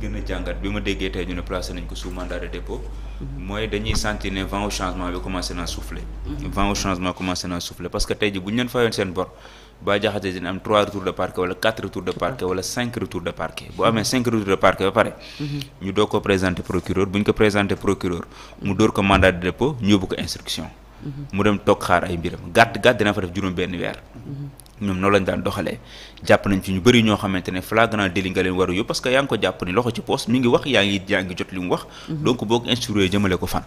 ci gën a jàngat bi ma déggee tey ñu ne placé nañ ko sous mandat de dépôt mooy dañuy sentir ne vent au changement bi commencé naa souffler mhm. vent au changement commencé naa souffler parce que tey bu ñu leen seen bor Bah Diakhaté dina am trois retours de parquet wala quatre retours de parquet wala cinq retours de parquet bu amee cinq retours de parquet ba pare mhm. ñu doo ko présenter procureur bu ñu ko présenter procureur mu dóor ko mandat de dépôt ñu yóbbu ñoom noonu lañ daan doxalee jàpp nañ ci ñu bëri ñoo xamante ne flagrant délit nga leen waru yóbbu parce que yaa ngi ko jàpp ni loxo ci poos mi ngi wax yaa ngi yaa ngi jot li mu wax mhm. donc boo ko instruire jëmale ko fan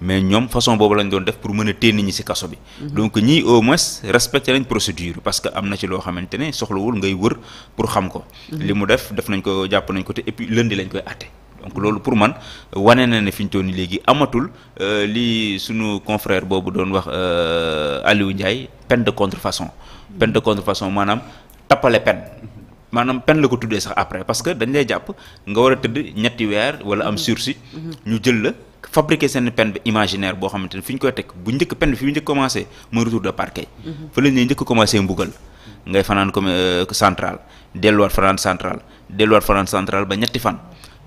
mais ñoom façon boobu lañ doon def pour mën a téye nit ñi ci kaso bi mhm. donc ñii au moins respecté nañ procédure parce que am na ci loo xamante ne soxlawul ngay wër pour xam ko mhm. li mu def def nañ ko jàpp nañ ko te et puis lañ koy àtte donc loolu pour man wane na ne fi ñu toll nii léegi amatul euh, li suñu confrère boobu doon wax euh, Aliou Ndiaye peine de contrefaçon peine de contrefaçon maanaam tappale pen maanaam peine la ko tuddee sax après parce que dañ lay jàpp nga war a tëdd ñetti weer wala am sursis ñu jël la fabriquer seen peine bi imaginaire boo xamante ne fi ñu koy teg bu njëkk peine bi fi mu njëkk commencé mooy retour de parquet fa la ñuy njëkk commencé mbugal ngay fanaan comme euh, central delluwaat fanaan central delluwaat fanaan central ba ñetti fan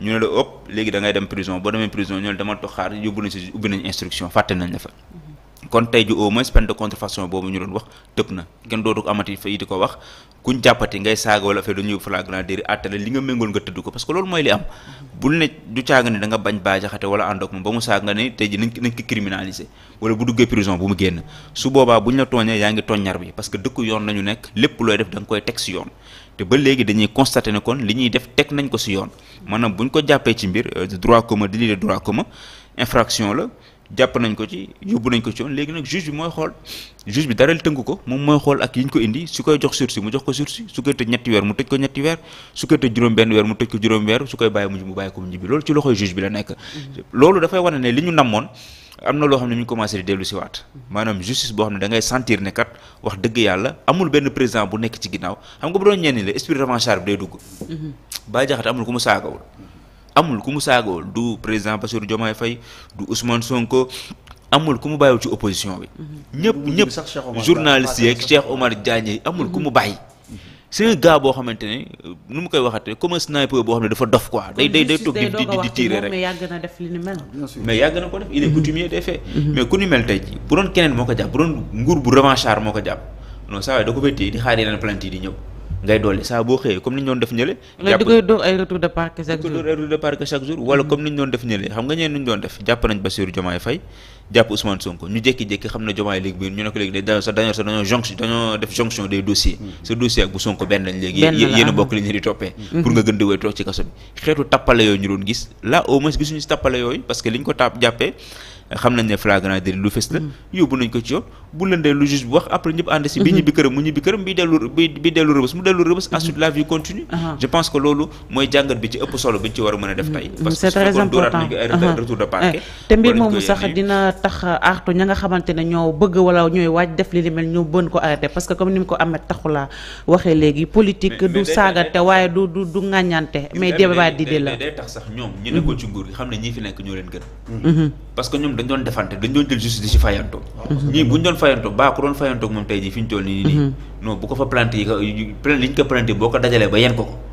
ñu ne la ëpp léegi dangay dem prison boo demee prison ñu ne dama toog xaar yóbbu nañ si ubbi nañ instruction fàtte nañ la fa. Mm-hmm. kon tey ji au moins peine de contrefaçon boobu ñu doon wax tëb na kenn dootu ko amati fa yi di ko wax kuñ jàppati ngay saaga wala affaire dañuy flagrant délit àttale li nga méngool nga tëdd ko parce que loolu mooy li am mm-hmm. bul ne du caaga ne da nga bañ Bah Diakhaté wala ànd ak moom ba mu saaga nga ne tey ji nañ nañ ko wala bu duggee prison bu mu génn su boobaa buñ la tooñee yaa ngi tooñ parce que dëkku yoon lañu nekk lépp looy def da nga koy teg si te ba léegi dañuy constater ne kon li ñuy def teg nañ ko si yoon maanaam bu ñu ko jàppee ci mbir euh, droit commun délit de droit commun infraction la jàpp nañ ko ci yóbbu nañ ko ci yoon léegi nag juge bi mooy xool juge bi dara tënk ko moom mooy xool ak yi ñu ko indi su koy jox sursis mu jox ko sursis su koy tëj ñetti weer mu tëj ko ñetti weer su koy tëj juróom-benn weer mu tëj ko juróom weer su koy bàyyi mu mu bàyyi ko mu ñibbi loolu ci loxoy juge bi la nekk mm-hmm. loolu dafay am na loo xam ne mu ngi commencé di dellu si waat maanaam justice boo xam ne da ngay sentir ne kat wax dëgg yàlla amul benn président bu nekk ci ginnaaw xam nga bu doon ñenn la esprit revanchard bi day dugg. Mhm. Bah Diakhaté amul ku mu saagawul. amul ku mu saagawul du président Bassirou Diomaye Faye du Ousmane Sonko. amul ku mu bàyyiwul ci opposition bi. Mhm. ñëpp ñëpp journaliste yeeg Cheikh Omar Diagne amul ku mu bàyyi. c'est un boo xamante ne nu mu koy waxatee comme un boo xam dafa dof quoi. day day day toog di di di tirer rek mais yàgg na def li ni mel. mais yàgg na ko def il mm-hmm. mm-hmm. mais ku ni mel tey bu doon keneen moo ko jàpp bu doon nguur bu revanchard moo ko jàpp non saa da ko béy téye di xaar yeneen plainte di ñëw. ngay dolli saa boo xëyee comme ni ñu doon def ñële. jàpp nga dóor ay retour mm-hmm. jàpp nañ Bassirou Diomaye ñu jékki-jékki xam ne Diomaye léegi ñu ne ko léegi dañoo sa dañoo sa dañoo def jonction des dossiers. Mm-hmm. sa dossier ak bu Sonko benn lañ léegi. benn la li ñu di toppee. Mm-hmm. pour nga gën di wéy ci kaso bi. xeetu tappale yooyu ñu doon gis là au moins gisuñu si tappale yooyu parce que liñ ko tàpp jàppee xam nañ ne flagrant délit lu fës la mm. yóbbu nañ ko ci yoon bu lëndee lu juge bu wax après ñëpp ànd si bi mm-hmm. ñibbi këram mu ñibbi këram bi dellu rëbës mu dellu rëbës mm-hmm. ensuite la vie continue je pense que loolu mooy jàngat bi ci ëpp solo bi ñu ci war a mën a def tey mm-hmm. eh, te mbir moomu sax dina tax artu ña nga xamante ne ñoo bëgg wala ñooy waaj def li li mel ñu bën ko arrêté parce que comme ni mu ko amet taxula waxee léegi politique du saagante waaye du du du ŋàññante mais débat di la sax ñoom ñi nekkoon ci nguur gi xam ne fi nekk ñoo leen gën dañ doon defante dañ doon jël justice di ci fayanto mhm. ñii bu ñu doon fayanto baa ku doon fayanto moom tey jii fi ñu nii nii mhm. bu ko fa planté yi ko plainte li ñu ko planté boo ko dajalee ba yen ko ko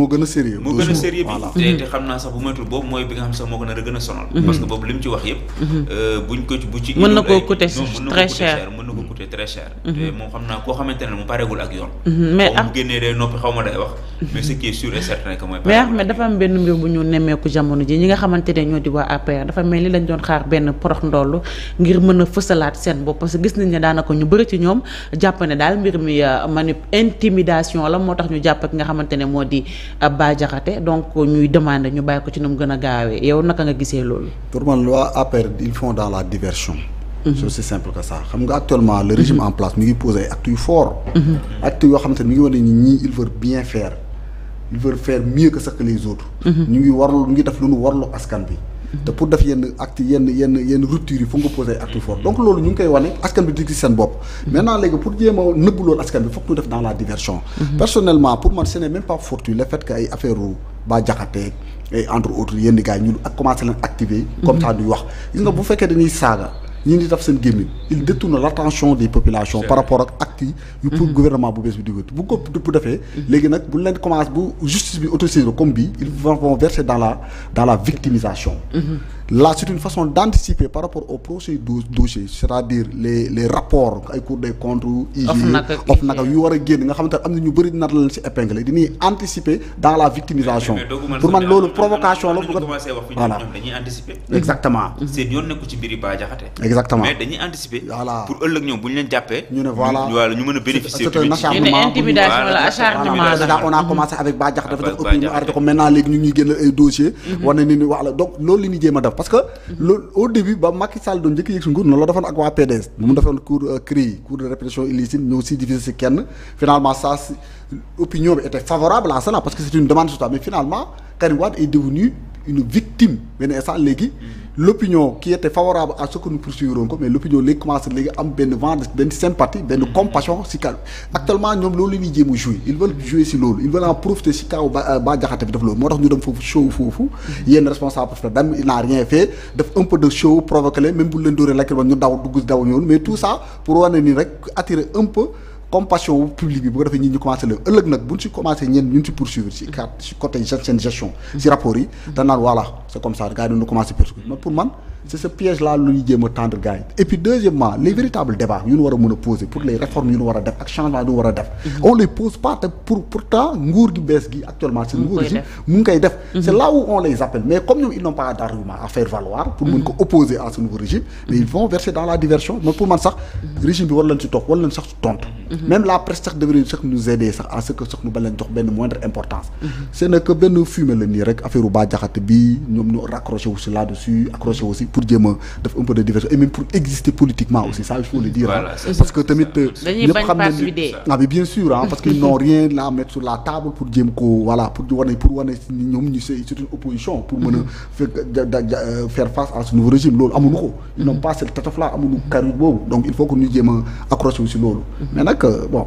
moo gën a sérieux moo gën a sérieux bi te mhm. xam naa sax bu moytul boobu mooy bi nga xam sax moo ko a gën a sonal mhm. parce que boobu li ci wax yëpp mhm. euh, buñ ko bu ci mën na ko coûter très cher coûté mhm. xam naa koo xamante ne mu pareegul ak yoon. Mhm, mais am mu génnee xaw ma day wax. mais dafa am benn mbir bu ñu nemmeeku jamono ji ñi nga xamante ne ñoo di waa APR dafa mel ni lañ doon xaar benn porox ndollu ngir mën a fësalaat seen bopp parce que gis nañ ne daanaka ñu bëri ci ñoom jàpp ne daal mbir mi euh, manip intimidation la moo tax ñu jàpp ki nga xamante ne moo di euh, baajaxate donc ñuy demande ñu bàyyi ko ci nu mu gën a gaawee yow naka nga gisee loolu. pour man waa APR ils font dans la diversion. Mhm. c'est simple que ça xam nga actuellement le régime mhm. en place mi ngi posé ay actes yu fort mhm. yoo xamante ne mi ni ngi warlu ñu ngi def lu ñu warlu askan bi te pour def yenn acte yenn yenn yenn yi foog nga posé acte yu fort donc loolu ñu ngi koy wane askan bi di gis seen bopp maintenant léegi pour jéem nëbb loolu askan bi foog ñu def dans diversion personnellement pour man ce n'est même pas fortuit le fait que ay affaire ba jaxatee ay ñu di daf seen gémmiñ il détourne l'attention des populations par rapport ak actes yu pour mhm. gouvernement bu bees bi digat bu ko bu defee léegi nag bu leen commence bu justice bi autosaisir comme bii ils vont verser dans la dans la victimisation mhm. la c'est une façon d'anticiper par rapport au procès du c'est-à-dire les les ay Cour des comptes IG OFNAC yu war a génn nga xamante am na ñu bëri nar la leen si épinglé dañuy anticiper dans la victimisation pour man loolu provocation la voilà exactement mm-hmm. seen yoon nekku ci mbiri Bah Diakhaté exactement mais dañuy anticiper voilà pour ëllëg ñoom bu ñu leen jàppee ñu ne voilà ñu mën a bénéficier c'est un acharnement a ko maintenant léegi ñu ngi génn ay dossier li ñu jéem a parce que. loolu au début ba Macky Sall doon njëkk yëg si noonu la defoon ak waa PDS. mu defoon cour euh, CREI cour de répression illicite ñëw si diviser si kenn finalement ça si opinion bi était favorable à cela parce que c' est une demande sociale mais finalement Karim Wade est devenu une victime benn instant léegi. l'opinion qui était favorable à ce que nous poursuivrons ko mais l'opinion léegi commencé léegi am benn vent benn sympathie benn compassion si kaw actuellement ñoom loolu la ñuy a jouer ils veulent jouer si loolu ils veulent en profiter si kaw ba ba jaxate bi def loolu moo tax ñu dem foofu show foofu yenn responsable fa dam il n'a rien fait def un peu de show provoqué leen bu leen dóoree lakki ba ñu daw dugg daw ñoonu mais tout ça pour wane ni rek attirer compassion wu public bi bu ko defee ñi ñu leen ëllëg nag buñ si commencé ñeen ñun si poursuivre si carte si côté seen gestion si rapport yi mm-hmm. danaan voilà c'est comme ça gars yi dañu commencé poursuivre mais pour man c' est ce piège là lu ñu jéem a tendre gars et puis deuxièmement les véritables débats yu ñu war a mën a poser pour les réformes yu ñu war a def ak changement yu ñu war a def mhm. on les pose pas pour pourtant nguur gi bees gi actuellement seen nguur gi mu def mhm. mais comme ñoom ils n'ont pas d' argument à faire valoir pour mën mhm. ko opposer à ce nouveau mais pour man sax régime bi war leen si toog war leen si sax devrait sax nous aider sax à ce que jox benn moindre importance c' est benn fumée la nii rek affaire u Bah Diakhaté pour jéem a def un peu de diversion et même pour exister politiquement aussi ça il faut le dire parce que tamit euh, ñëpp xam nañu ah mais bien sûr parce que ils n'ont rien à mettre sur la table pour jéem ko voilà pour wane pour wane ñoom ñu c'est une opposition pour mën a mhm. euh, faire face à ce nouveau régime loolu amuñu ko ils n'ont mhm. pas cette tataf là boobu donc il faut que ñu jéem a aussi loolu mhm. mais nag euh, bon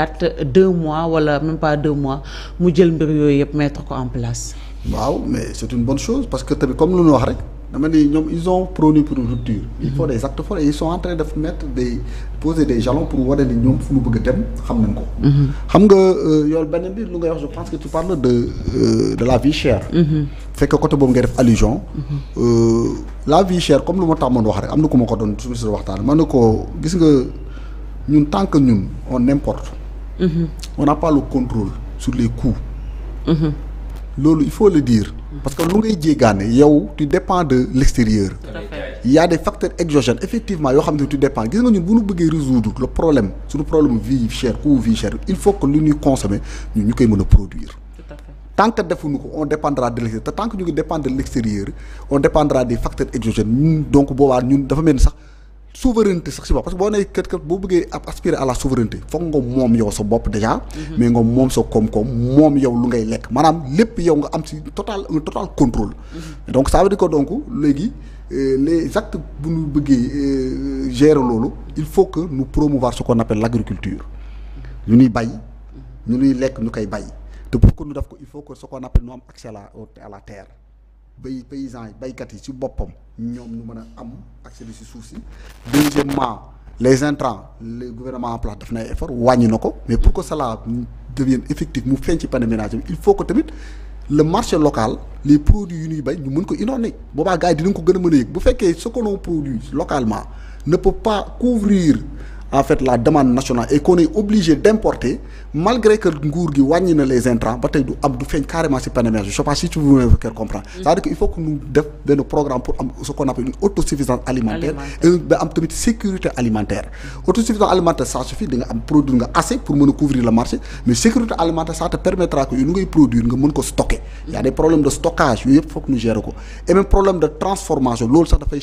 gàtt deux mois wala même pas deux mois mu jël mbir yooyu yëpp mettre ko en place. waaw mais c'est une bonne chose parce que tamit comme lu ñu wax rek dama ni ñoom ils ont prôné pour une il faut des actes forts ils sont en train mettre des poser des jalons pour wane ni ñoom fu ñu bëgg a dem xam nañ ko. Mhm. xam nga euh, yow benn mbir lu ngay wax je pense de euh, de la vie chère. Mhm. fekk côté boobu ngay def allusion. Mhm. Euh, la vie chère comme lu ma tàmmoon wax rek am na ku ma ko doon on n'a pas le contrôle sur les coûts. loolu il faut le dire. parce que lu ngay jéegaane yow tu dépends de l'extérieur. il y a des effectivement yoo xam ne tu dépends gis nga ñun bu ñu bëggee résoudre le problème suñu problème vie chère coût vie chère il faut que lu ñuy consommer ñun ñu koy mën a produire. tant que defuñu ko on dépendra de l'extérieur te tant ñu ngi dépendre de l'extérieur on dépendra des facteurs exogènes donc boobaa ñun dafa mel ni sax. souveraineté sax si bopp parce que boo nee kat kat boo bëggee ab aspirer à la souveraineté foog nga moom yow sa bopp déjà. Mhm. mais nga moom sa koom-koom moom yow lu ngay lekk maanaam lépp yow nga am si total un total contrôle. Mhm. donc ça veut dire que donc léegi euh, les actes bu nu bëggee euh, gérer loolu il faut que nous promouvoir ce ko appelle l'agriculture ñu nuy bay ñu nuy lekk ñu koy bay te pour que ñu def ko il faut que ce qu'on appelle nous am accès à la terre. bay paysan yi baykat yi ci boppam ñoom ñu mën a am accès si suuf si deuxièmement les intrants les gouvernement en place daf nay effort wàññi na ko mais pour que cela devienne effectif mu feeñ ci panier ménage il faut que tamit le marché local les produits yu ñuy bay ñu mën ko inondé boobaa gars yi dinañ ko gën a mën a yëg bu fekkee ce que l'on produit localement ne peut pas couvrir en fait la demande nationale et qu'on est obligé d'importer malgré que nguur gi wàññi na les intrants ba tey du am du feeñ carrément ci PNMR je comprendre c'est-à-dire il faut que ñu def benn programme pour am ce qu'on appelle une autosuffisance alimentaire ba am tamit sécurité alimentaire mm-hmm. autosuffisance alimentaire ça suffit di nga am produire nga assez pour mën a couvrir le marché mais sécurité alimentaire ça te permettra que yu ngay produire nga mën ko stocker y a des problèmes de stockage yooyu yëpp foog ñu gérer ko et même problème de transformation loolu sax dafay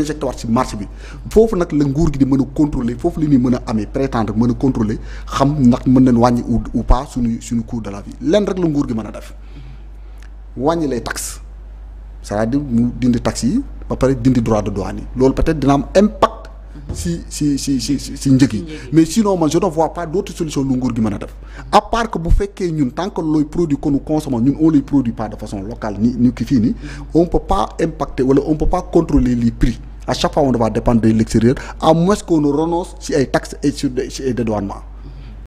injecté waat si marché bi foofu nag la nguur gi foofu la ñuy mën a amee prétendre a contrôler xam ndax mën nañ wàññi ou pas suñu suñu coût de la vie lenn rek la nguur gi mën a def wàññi lay taxe c'est-à-dire mu dindi taxe yi ba pare dindi droit de douane yi loolu peut dina am impact. si si si si si njëg yi mais sinon man je ne vois pas solution lu nguur gi mën a def à part bu fekkee ñun tant que looy produit que nous consommons ñun on les produit pas de façon locale ni ni ki fii nii on peut pas impacter wala on pas contrôler les prix à chaque fois on va dépendre de l'extérieur à moins qu'on renonce si ay taxes et sur des